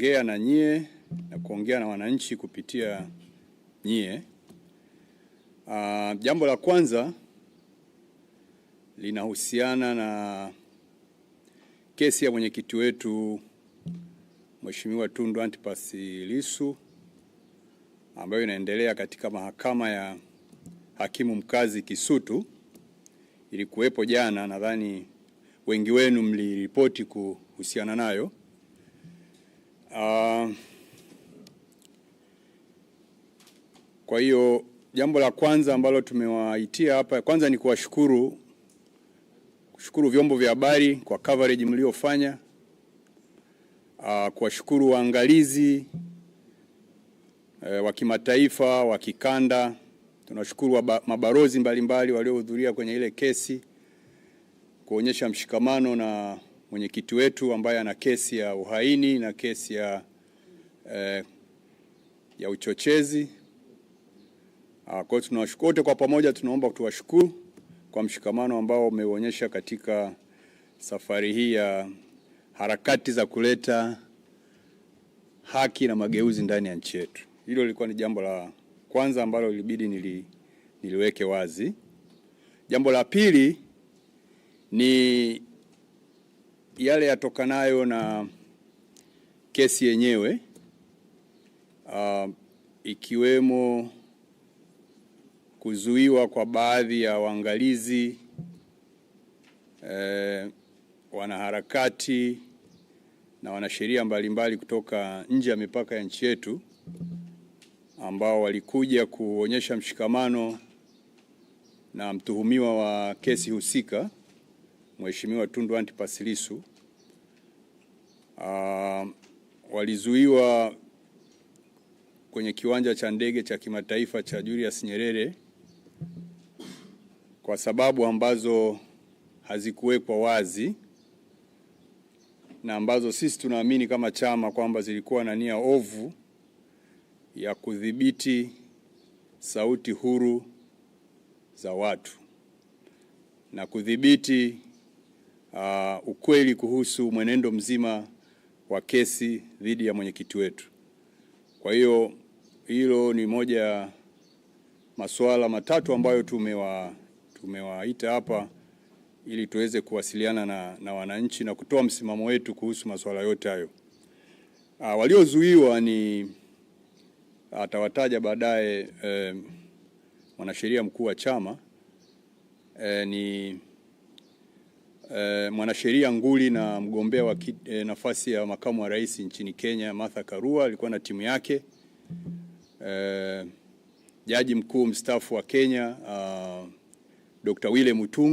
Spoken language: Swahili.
kuongea na nyie na kuongea na wananchi kupitia nyie. Uh, jambo la kwanza linahusiana na kesi ya mwenyekiti wetu Mheshimiwa Tundu Antipas Lissu ambayo inaendelea katika mahakama ya hakimu mkazi Kisutu. Ilikuwepo jana, nadhani wengi wenu mliripoti kuhusiana nayo. Uh, kwa hiyo jambo la kwanza ambalo tumewaitia hapa kwanza ni kuwashukuru kushukuru vyombo vya habari kwa coverage mliofanya, uh, kuwashukuru waangalizi e, wa kimataifa wa kikanda. Tunashukuru mabarozi mbalimbali waliohudhuria kwenye ile kesi kuonyesha mshikamano na mwenyekiti wetu ambaye ana kesi ya uhaini na kesi ya, eh, ya uchochezi. Ah, kwa hiyo tunawashukuru wote kwa pamoja, tunaomba tuwashukuru kwa mshikamano ambao umeuonyesha katika safari hii ya harakati za kuleta haki na mageuzi ndani ya nchi yetu. Hilo lilikuwa ni jambo la kwanza ambalo ilibidi nili, niliweke wazi. Jambo la pili ni yale yatokanayo na kesi yenyewe uh, ikiwemo kuzuiwa kwa baadhi ya waangalizi eh, wanaharakati na wanasheria mbalimbali kutoka nje ya mipaka ya nchi yetu ambao walikuja kuonyesha mshikamano na mtuhumiwa wa kesi husika Mheshimiwa Tundu Antipas Lissu uh, walizuiwa kwenye kiwanja cha ndege cha kimataifa cha Julius Nyerere kwa sababu ambazo hazikuwekwa wazi na ambazo sisi tunaamini kama chama kwamba zilikuwa na nia ovu ya kudhibiti sauti huru za watu na kudhibiti uh, ukweli kuhusu mwenendo mzima wa kesi dhidi ya mwenyekiti wetu. Kwa hiyo hilo ni moja ya masuala matatu ambayo tumewa tumewaita hapa ili tuweze kuwasiliana na, na wananchi na kutoa msimamo wetu kuhusu masuala yote hayo. Uh, waliozuiwa ni atawataja baadaye eh, mwanasheria mkuu wa chama eh, ni e, mwanasheria nguli na mgombea wa e, nafasi ya makamu wa rais nchini Kenya Martha Karua alikuwa na timu yake. E, jaji mkuu mstaafu wa Kenya uh, ah, Dr. Wile Mutunga